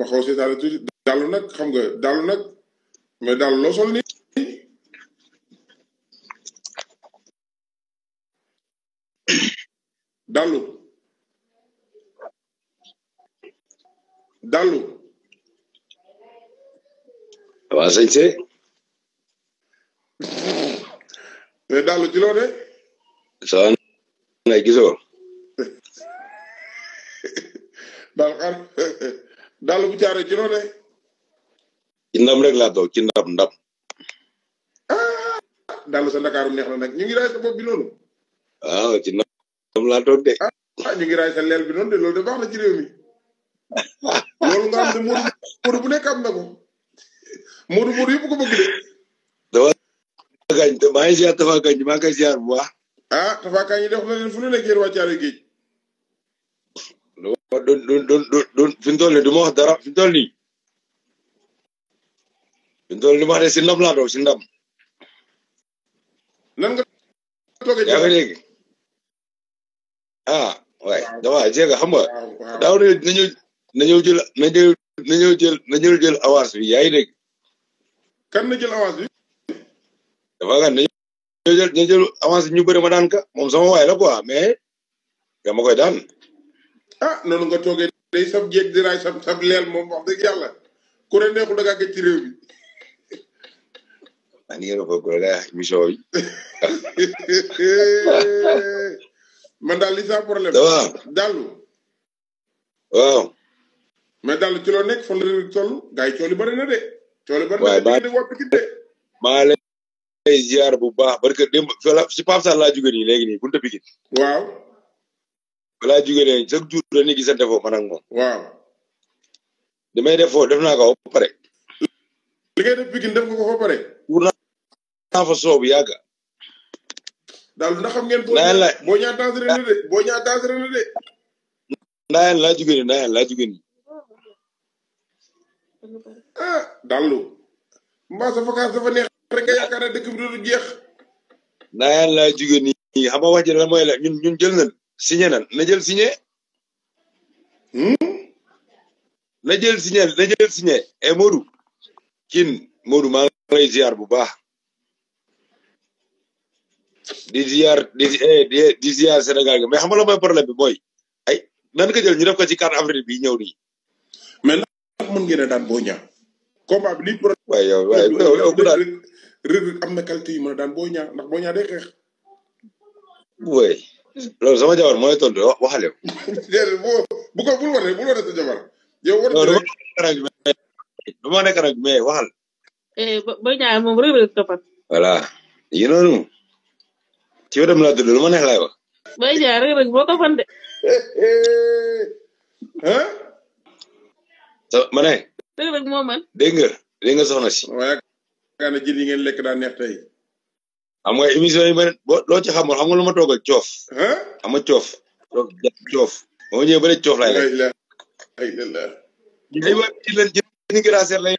nga xaw si daal tuuti daal nag xam nga daal nag mais daal loo sol nii. dalu dalu. waaw sëñ si. dalu ci loo de. nay gisoo. dàll bu jaaree ci noonu ci ndam rek laa toog ci ndam ndam. Ah, dàll sa ndakaaru neex na nag ñu ngi raay sa bopp bi noonu. waaw ah, ci ndam laa toog de. ah, ah ñu sa leel bi noonu de loolu de baax na ci réew mi loolu nga xam ne Modou bu nekk am na ko Modou Modou yëpp ko bëgg de. dafa gaañ maa ngi ziar Tafa Kañ maa ngi koy bu baax. ah Tafa Kañ yi def na leen fu ñu nekk yéen waa Thiaroye Géej. دول دول دول دول في دول دي مو درا في دول لي في دول دي ما دي سندم لا دو سندم لنگ يا غليك اه واي دوا جيغا خمبا داو نيو نيو جيل نيو نيو جيل نيو جيل اواز بي ياي ديك كان نجيل اواز بي دوا غا نيو جيل نيو جيل اواز نيو بري ما دان كا موم سما واي لا كوا مي دما كوي دان ah noonu nga toogee day sab jeeg di raay sab sab leel moom wax dëgg yàlla ku ne neexul da ngaa gëj ci réew mi. maa ngi yore ko la émission yi. man daal li sa problème. ça va Dallou. waaw. mais Dallou ci nekk fan la ñu toll gars yi cooli bëri na de. cooli bëri de maa ngi lay bu baax parce que démb si Pape Sall laa jógee nii léegi nii buntu Pikine. waaw. balaa jugee ne chaque jour dañuy gisante foofu man ak moom. waaw. damay def foofu def naa ko ba pare. li ngay def nga ko pare. wur naa fa soobu yàgg. daal ndax xam ngeen. naa la de de. ndaayaan laa jugee nii ndaayaan laa jugee nii. ah daal mbaa sa vacances neex rek nga yaakaar ne dëkk bi du jeex. ndaayaan laa jugee nii xam nga wax ji lan mooy ñun ñun jël nañ. signé nan hmm? na jël signé na jël signé na jël signé e Modou kin Modou ma lay ziar bu baax di ziar eh, di di ziar Sénégal gi mais xam nga la mooy problème bi boy ay nan nga jël ñu def ko ci 4 avril bi ñëw ni mais nak mën ngeena daan boo combat bi li way yow way yow ko daal rëg am na qualité yu mëna daan boo ñaa ndax boo ñaa day loolu sama jabar mooy tontu waxale ko. déedéet boo bu ko jabar. yow war na rek non dama nekk nag mais waxal. Eh, booy ñaare moom rëy rëy toppat. voilà yéen noonu ci wetam laa tudd lu ma neex laay wax. booy ñaare rëy de. ah. ma ne. rëy rëy moo man. dégg nga dégg nga soxna si. waaye. nga ne jën ngeen lekk daa neex tey. xam nga émission yi man loo ci xamul xam nga lu ma toog a coof. xam nga coof. coof coof ba ma ñëwee ba coof laay def. alhamdulilah. li ma ci leen jël ni grâce lay.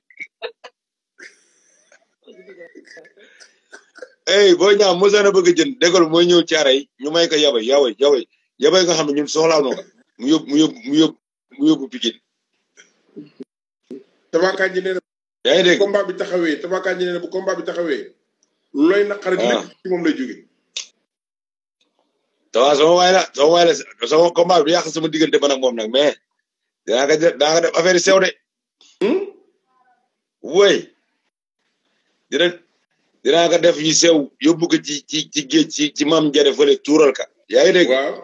hey boo ñaaw mosaan a bëgg a jënd mooy ñëw caare yi ñu may ko yabay yabay yabay yabay nga xam ne ñun soxlaaw na ko mu yóbbu mu yóbbu mu yóbbu mu yóbbu Pikine. yaa ngi dégg combat bi taxawee tabaakaay ji nee na bu combat bi taxawee. looy naqari ah. lépp ci moom lay jóge tawa sama waay la sama waay la sama combat bi du yàq sama diggante man ak moom nag mais dinaa ko def dinaa def affaire sew de hmm? woy dina dinaa def yu sew yóbbu ko ci ci ci géej ci ci maam jare fële tuural ka yaa ngi dégg waaw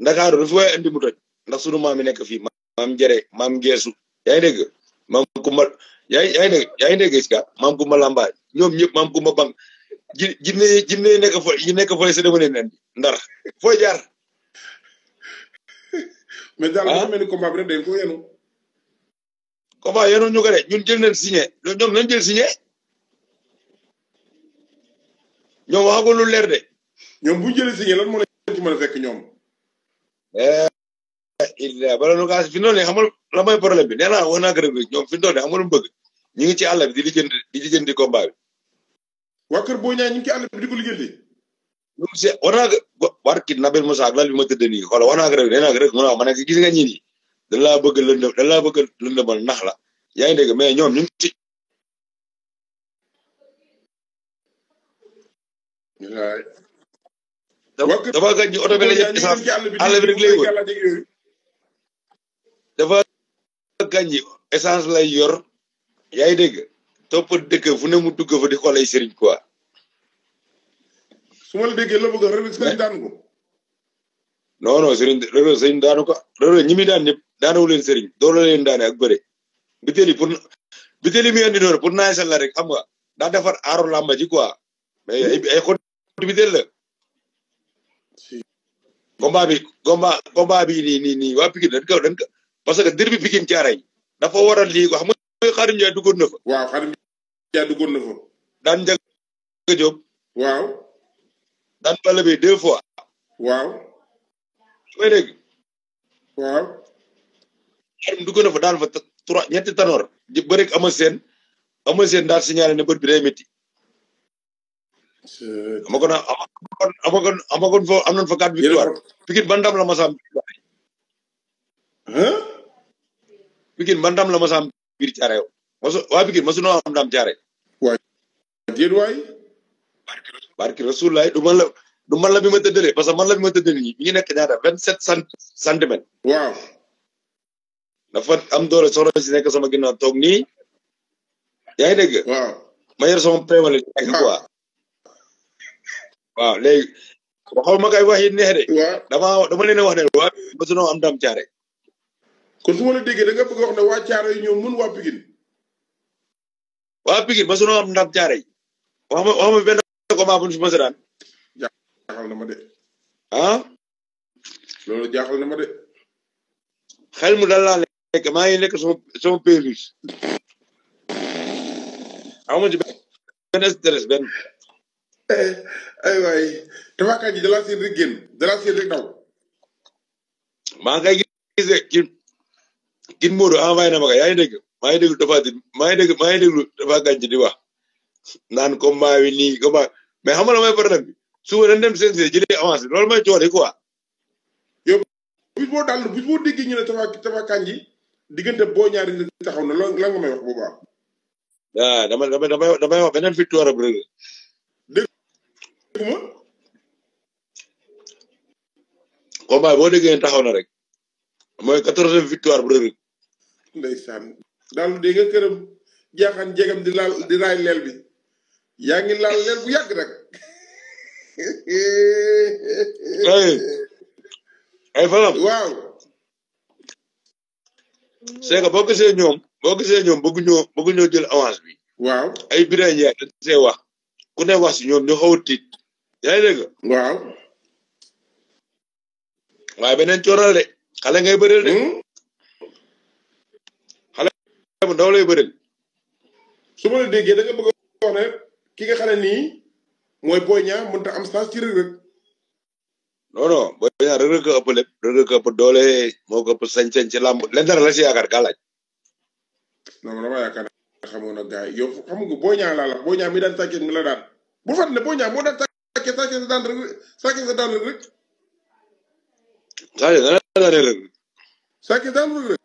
ndakaaru du fi waay andi toj ndax sunu maam yi nekk fii maam jare maam geesu yaa ngi dégg yaa ngi yaa ngi dégg yaa ngi dégg Ska maam Kumba Lamba ñoom ñëpp maam Kumba Bang ji jinne jinne nekk fo yi nekk fooy séddama leen ndar fooy jaar. mais daal dafa ah? mel ni combat bi rek dañ ko yenu. combat yenu ñu de ñun jël nañ signé ñoom nañ jël signé. ñoom waxagul lu leer de. ñoom bu ñu jëlee signé lan moo leen ci a fekk ñoom. Eh, il bala nu gaa fi mu toll nii xamul la bi nee naa wax naa ñoom fi mu toll bëgg. ñu ngi ci àll bi di lijjanti di lijjanti combat bi. waa kër Boy Niang ñu ngi ci àll bi di ko lijjanti. war naa ko barki Nabel Moussa lal bi ma tëdd nii xoolal war naa ko rek nee naa ko mu ne ma ne gis nga ñii nii dañ laa bëgg lëndëm dañ laa bëgg lëndëmal nax la yaa ngi dégg mais ñoom ñu ngi ci. dafa dafa gàññi oto bi la jël essence àll dafa gàññi essence lay yor. yaa ngi dégg topp dëkk fu ne mu dugg fa di xoolee sëriñ quoi. su ma la déggee la bëgg a rëdd sëriñ daanu ko. non non sëriñ ñi muy daan ñëpp daanawu leen sëriñ doole leen daane ak bëre. bitéel yi pour bitéel yi muy andi pour naaj rek xam nga daa defar aaru làmba ji quoi mais ay ay xott bi combat combat bi nii nii nii waa Pikine dañ parce que derby Pikine Thiaroye dafa waral lii ko xarim jaay duggoon na fa waaw xarim jaay duggoon na fa daan njaga job waaw daan balabé deux fois waaw may dégg waaw xarim duggoon na fa daan fa trois ñetti tanor di bërek ama seen ama seen daal signalé ne bët bi day métti amagon amagon am nañ fa quatre pikit la ma sam hein pikit la ma sam biir caare yow mosu waa Pikine mosu noo am ndam caare. waay déet waay. barki rasulaay du man la du man la bi ma tëddalee parce que man la bi ma tëddalee ñi ñu nekk ñaata vingt sept cent centimètres. waaw. dafa am doole soxna si nekk sama ginnaaw toog nii. yaa ngi dégg. waaw ma yor sama peewale nekk quoi. waaw léegi. waxoon ma kay wax yi neex dama dama leen wax ne waa mosu noo am ndam caare. kon su ma la déggee da nga bëgg wax ne waa Caaroy ñoom mun waa Pikine. waa Pikine mosul am ndam Caaroy. wax ma wax ma benn combat bu ñu fi mos a ma de. ah. loolu jaaxal na ma de. xel mu dal laa lekk maa ngi nekk sama sama pérus. amoo ci benn stress benn. Eh, ay waay tabaakaay ji dalaa seen rek génn dalaa seen rek daw. maa ngi Gine Modou envoyé na ma ko yaa ngi dégg maa ngi déglu Tapha Tine maa ngi dégg maa ngi déglu Tapha Ganji di wax naan combat wi nii combat mais xam nga mooy problème bi suba dañ dem CNG jëlee avancé loolu mooy coono quoi. yow bis boo daal bis boo déggee ñu ne Tapha Tapha Ganji diggante boo ñaari nit taxaw na lan nga may wax bu baax. waaw ah, dama dama damay damay wax beneen victoire am rek. dégg nga. combat boo déggee taxaw na rek mooy quatorze victoire bu ndeysaan daal dégg nga këram jaaxaan jegam di laal di bi yaa ngi laal leel bu yàgg rek ay fanam waaw c'est boo gisee ñoom boo gisee ñoom bëggu ñoo bëggu ñoo jël avance bi waaw ay biran yaay da wax ku ne wax si ñoom ñu xaw tiit yaa ngi dégg waaw waaye beneen cooral de xale ngay bëreel de hmm? mu ndaw lay bëri su la déggee da nga bëgg a ki nga xam ne nii mooy booy ñaa am sens ci rëg rëg non non booy rëg rëg ko ëpp lépp rëg rëg ko ëpp doole moo ëpp sañ-sañ ci làmb leen dara la si yaakaar gaa non non dama yaakaar ne xamoon xam nga la mi mi la daan bu fat sa daan rëg sa daan rëg sa daan rëg sa daan rëg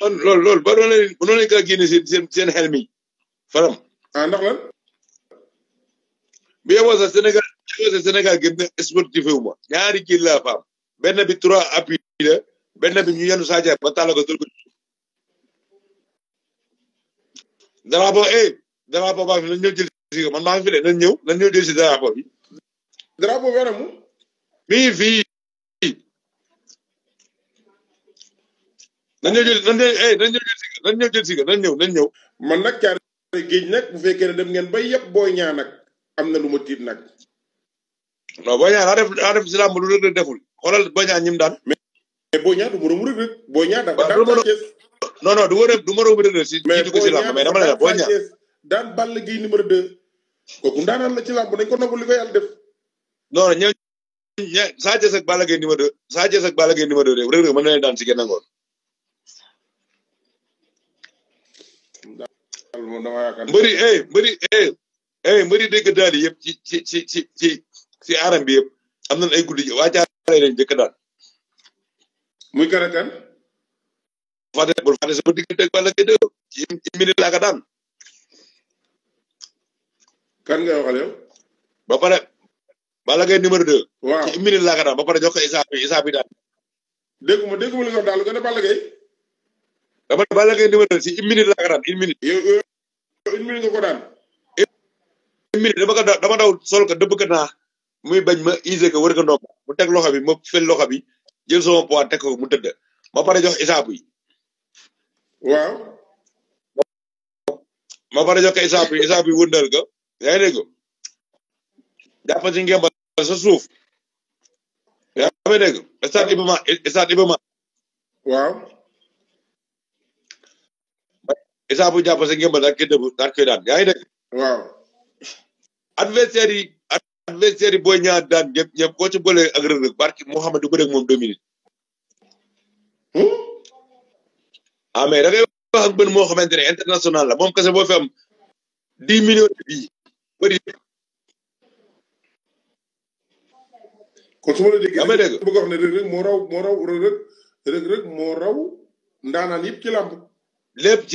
man loolu loolu ba doon nañu mënoon nañu kaa génne seen seen xel mi faram. ah ndax lan. bu yeboo sax Sénégal bu yeboo ñaari kii laa fa benn bi trois appui la benn bi ñu yenu Sadio ba tàlla ko dóor ko. drapeau eh drapeau baa fi nañ ñëw jël si man maa ngi fi de ñëw nañ ñëw jël si drapeau bi. drapeau bi anamu. mi dañ ñëw jël dañ ñëw dañ eh, ñëw jël si dañ ñëw dañ ñëw. man nag caare géej nag bu fekkee ne dem ngeen bay yëpp booy ñaa nag am na lu ma tiit nag. non booy ñaa daa def si làmb lu rëdd deful xoolal booy ñaa ñim daan. mais booy ñaa du moromu rëdd rëdd booy ñaa dafa daan tàncees. non du moromu du mais booy ñaa mais dama ne la booy ñaa daan Balla Gaye numéro 2. kooku ndaanaan ci làmb dañ ko nangu li ko yàlla def. non ña Sa Thiès ak Balla Gaye si genn ngoon moom dama mbëri eh mbëri eh eh mbëri dégg daal yëpp ci ci ci ci ci yëpp am nañ ay guddi waa jaaree leen njëkk daal. muy karakan. minute laa ko kan nga waxal yow. ba pare Balla Gaye numéro 2. waaw ci minute laa ko daan ba pare jox ko daal. dégguma dégguma li daal lu gën a Balla Gaye dama ne Balla Gaye numéro si une minute laa ko une minute. une minute nga ko daan. une minute dama daw sol ko dëbb ko naa muy bañ ma usé ko wër ko ndox mu teg loxo bi ma fel loxo bi jël sama a teg ko mu tëdd ma pare jox isaabu yi. waaw. ma pare jox ko isaabu yi isaabu yi wëndal ko yaa ngi dégg ko. jàpp si suuf. yaa ngi dégg stade Iba Mar stade Iba waaw. esa bu jàpp sa ngëmbal nag kenn nag koy daan yaa ngi dégg. waaw. adversaire yi adversaire yi booy ñaar daan ñëpp ñëpp koo ci boole ak Reug Reug barki Mouhamed du ko dégg moom deux minutes. Hmm? ah mais da ngay wax ak benn moo xamante ne international la moom kese boo fi am dix millions de bii bëri. kon su ma la déggee. yaa ngi Reug Reug moo raw moo raw Reug Reug Reug raw ndaanaan yëpp ci làmb lépp ci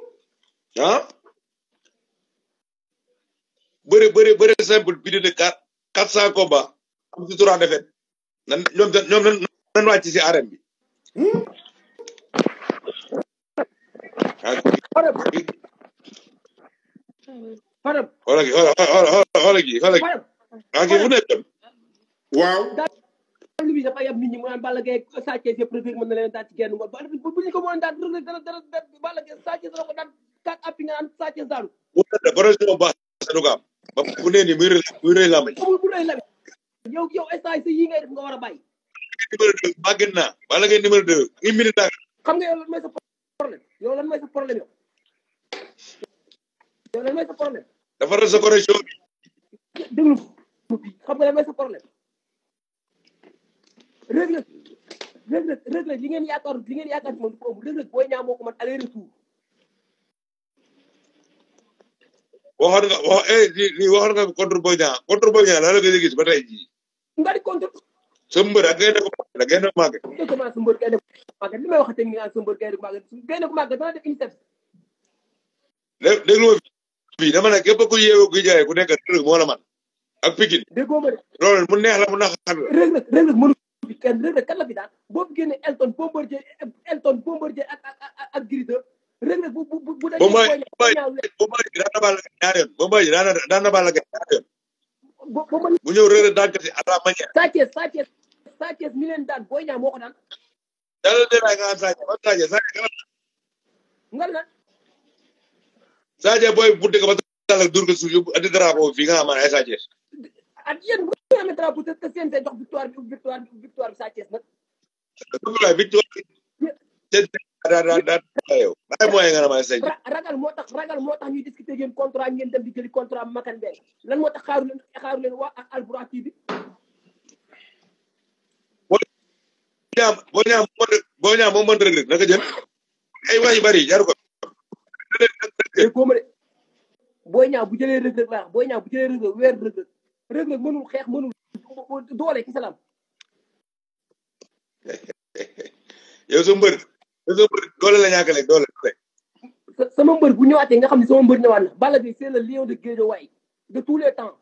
Bere bere bere bëri simple bi de quatre quatre cent combat am ci trois défaite nan ñoom ñoom nan nan wàcc si arène bi xarab xoolal gi xoolal xoolal xoolal gi xoolal gi ah kii bu nekk tam waaw lu bi dafa yab nit ñi mu naan Balla Gaye Sa Thiès yëpp rek mën na leen daal ci genn bu ñu ko mën daal rek dara dara Balla Gaye Sa Thiès dara ko daal quatre appuis nga naan Sa Thiès daanu. bu dee projet bu baax sa du ko am. ba muy rëy muy rëy laa may. amul bu rëy la yi sa nga war a bàyyi. numéro deux màgget naa. wala ngay numéro deux une minute naa. xam nga yow lan mooy sa problème yow lan mooy sa problème yow. yow lan mooy sa problème. dafa rëdd sa bi. déglu xam nga lan mooy problème. Reug Reug Reug li ngeen yaakaar li ngeen yaakaar moom du ko Reug Reug booy ñaa moo ko waxoon nga wax lii waxoon nga contre Boy Niang contre Boy Niang la nga gis ba tey jii. nga di contre. sa mbër ak gaynde ko màgg la gaynde ko màgg. sa mbër gaynde ko màgg li may wax teg ne képp neex la mu naqar la. rëg nag boo fi génnee Elton Bombardier Elton Bombardier ak rëg nag bu bu bu bu dañuy booy ñaaw lekk Bombardier daan na Balla na daan bu ñëw rëg daan ko si à la manière Sa Thiès Sa Thiès Sa Thiès mi leen daan booy ñaaw moo ko daan dalal nga am Sa Thiès Sa Thiès Sa na booy bu dëgg dur ko suuf yóbbu andi drapeau fii nga xam ne ay Sa Thiès ak bu ngeen amee drapeau te seen jox victoire victoire bi victoire bi daa daa daa yow ay moyen nga na ma sëñ ragal moo tax ragal moo tax ñuy discuter yéen contrat ngeen dem di jëli contrat makan benn lan moo tax xaaru leen xaaru leen waa ak albura tv boñaam boñaam boñaam moom mën rëg rëg naka jël eh, ay wax bari jaru ko eh, góomale bu jëlee rëg rëg laa booy bu jëlee rëg rëg weer rëg rëg rëg mënul xeex mënul doole ci salaam yow sa mbër doole la ñàkkale doole doole. sama mbër bu ñëwaatee nga xam ne sama mbër ñëwaat na Balla Gaye c'est le lion de Guédiawaye de tous les temps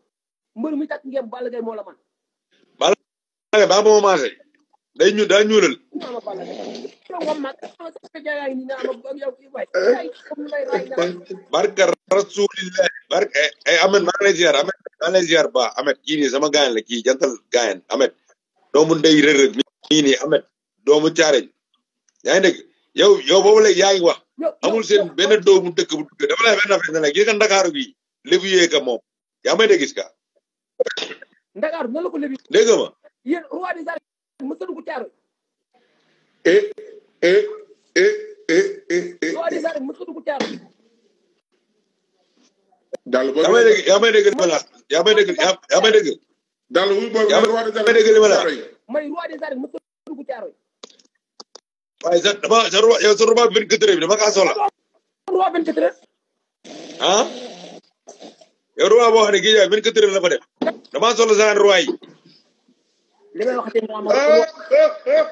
mbër mi tàkk ngeen Balla Gaye moo la man Balla ba ma maase daa ñuulal. barka rasulillahi barka ay Amet maa ba Amet kii sama gaayan la kii jantal gaayan Amet doomu ndey rëg-rëg nii Amet doomu caareñ yaa ngi yow yow boobu léegi yaa wax amul seen benn doomu dëkk bu dugg dama lay benn affaire ne nag gis nga ndakaaru bi lébu ka moom yaa may dégg gis ka ndakaaru nan la ko lébu dégg ma yéen roi des arènes mos ko dugg e e e e e e roi des arts arènes mos a dugg caaroy daal boobu yaa may dégg yaa may dégg li ma la yaa may dégg yaa may dégg daal boobu yaa may dégg li ma la may roi des arènes mos a dugg caaroy waaye sa dama sa sa roi vingt quatre heures bi dama kaa soxla. roi vingt quatre heures. ah. yow roi boo xam ne Guédiawaye vingt quatre heures la fa def damaa soxla sa roi yi. li may waxatee moom mooy.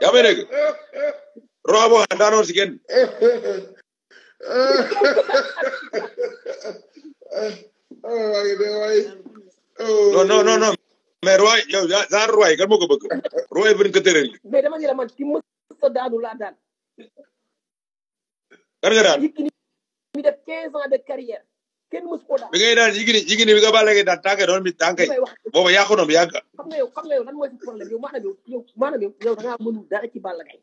yaa may dégg si kenn. non non non non mais roi yow sa roi yi kan moo bëgg. roi vingt quatre heures. mais sa daanu laa daan kan nga daan yikini mi def 15 ans de carrière kenn mës ko daan bi ngay daan yikini yikini bi nga bàlle ngay daan tànke doon mi tànkay booba yàqu noom yàgg xam nga yow xam nga yow lan mooy sa problème yow maanaam yow maanaam yow yow da ngaa mënul dara ci Balla Gaye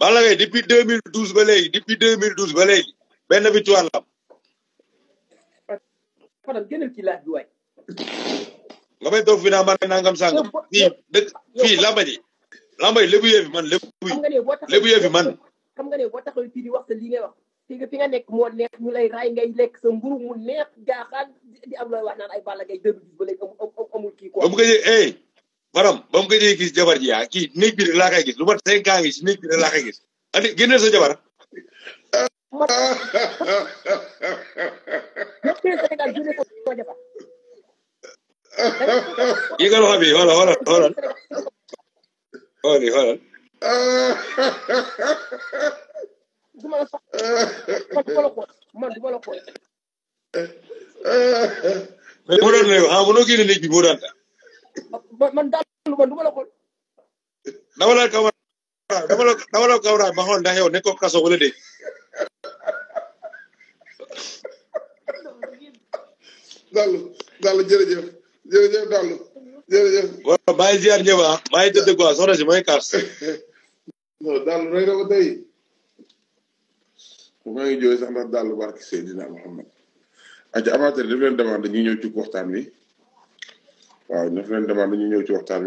Balla Gaye depuis 2012 ba léegi depuis 2012 ba léegi benn victoire la fanam gënal ci laaj bi waay nga may toog fi naa man nangam sàngam fii dëkk fii lamba ji lambay lébu yee fi man lébu lébu yee man. xam nga ne boo tax fii di wax sa lii ngay wax fii nga fi nga nekk moo neex ñu lay raay ngay lekk sa mburu mu neex jaaxaan di am looy wax naan ay Balla Gaye 2010 ba léegi amul kii quoi. ba mu ko jë eh maanaam ba mu ko jëyee gis jabar ji yaa ah, ki néeg bi rek laa koy gis lu mat te ans yi si néeg rek laa koy gis. andi génneel sa jabar. yi nga wala wala wala. xooli xoolal. du ma la sax man du ma la xool man du ma la xool. mais boo doon léegi ah mënoo génne néeg bi boo daan taa. man daal man du ma la xool. dama la kaw dama la dama la kaw ma xool ndax yow nekkoo kaso wala déet. Dallu Dallu jërëjëf jërëjëf Dallu. jërëjëf. waaw maa ngi ziar ñëpp ah maa ngi tëdd quoi soxna si maa ngi kaas. non daal rëy na ko tey. maa ngi jooy sax ndax daal barke Seydina Muhammad. aca amateur daf leen demande ñu ñëw ci waxtaan wi waaw daf leen demande ñu ñëw ci waxtaan wi.